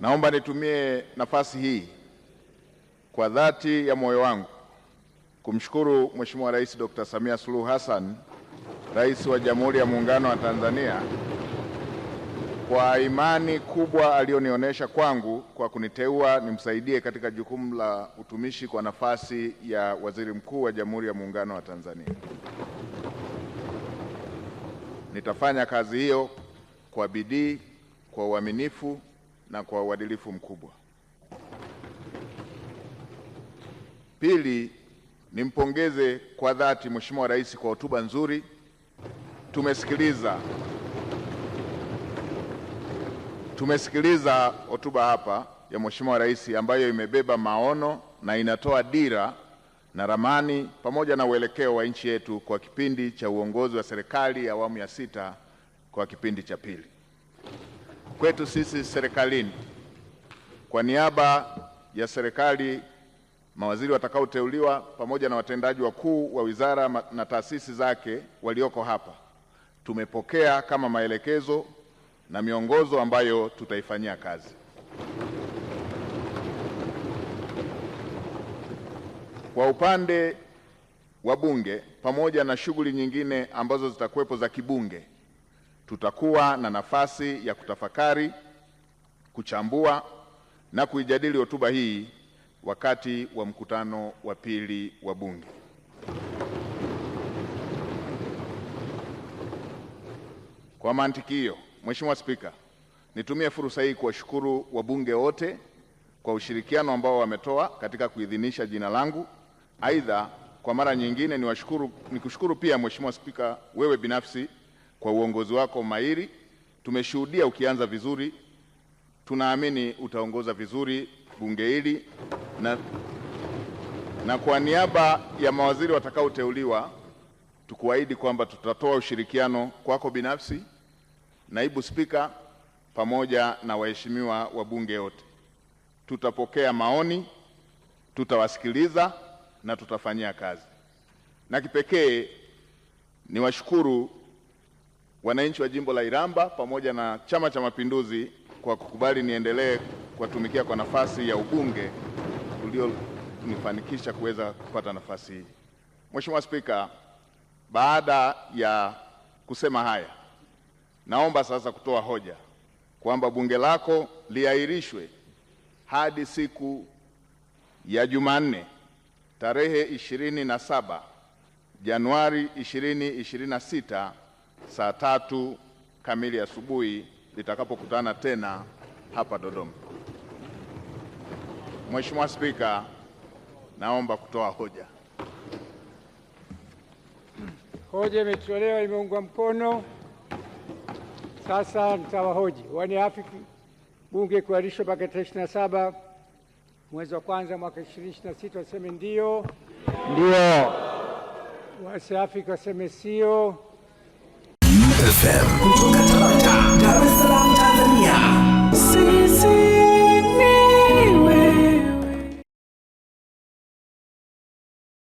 Naomba nitumie nafasi hii kwa dhati ya moyo wangu kumshukuru Mheshimiwa Rais Dr. Samia Suluhu Hassan, Rais wa Jamhuri ya Muungano wa Tanzania kwa imani kubwa aliyonionyesha kwangu kwa kuniteua nimsaidie katika jukumu la utumishi kwa nafasi ya Waziri Mkuu wa Jamhuri ya Muungano wa Tanzania. Nitafanya kazi hiyo kwa bidii, kwa uaminifu na kwa uadilifu mkubwa. Pili, nimpongeze kwa dhati Mheshimiwa Rais kwa hotuba nzuri. Tumesikiliza tumesikiliza hotuba hapa ya Mheshimiwa Rais ambayo imebeba maono na inatoa dira na ramani pamoja na uelekeo wa nchi yetu kwa kipindi cha uongozi wa serikali ya awamu ya sita kwa kipindi cha pili kwetu sisi serikalini, kwa niaba ya serikali, mawaziri watakaoteuliwa pamoja na watendaji wakuu wa wizara na taasisi zake walioko hapa, tumepokea kama maelekezo na miongozo ambayo tutaifanyia kazi. Kwa upande wa Bunge, pamoja na shughuli nyingine ambazo zitakuwepo za kibunge, tutakuwa na nafasi ya kutafakari, kuchambua na kuijadili hotuba hii wakati wa mkutano wa pili wa Bunge. Kwa mantiki hiyo, Mheshimiwa Spika, nitumie fursa hii kuwashukuru wabunge wote kwa ushirikiano ambao wametoa katika kuidhinisha jina langu. Aidha, kwa mara nyingine niwashukuru, nikushukuru pia Mheshimiwa Spika, wewe binafsi kwa uongozi wako mahiri. Tumeshuhudia ukianza vizuri, tunaamini utaongoza vizuri bunge hili na, na kwa niaba ya mawaziri watakaoteuliwa tukuahidi kwamba tutatoa ushirikiano kwako binafsi, naibu spika, pamoja na waheshimiwa wabunge wote. Tutapokea maoni, tutawasikiliza na tutafanyia kazi. Na kipekee niwashukuru wananchi wa jimbo la Iramba pamoja na Chama cha Mapinduzi kwa kukubali niendelee kuwatumikia kwa nafasi ya ubunge ulionifanikisha kuweza kupata nafasi hii. Mheshimiwa Spika, baada ya kusema haya, naomba sasa kutoa hoja kwamba bunge lako liahirishwe hadi siku ya Jumanne tarehe 27 Januari 2026 saa tatu kamili asubuhi litakapokutana tena hapa Dodoma. Mheshimiwa Spika, naomba kutoa hoja. Hoja imetolewa, imeungwa mkono. Sasa nitawahoji waniafiki bunge kuahirishwa mpaka tarehe 27 mwezi wa kwanza mwaka 2026, waseme ndio, ndio. Wasiafiki waseme sio. FM.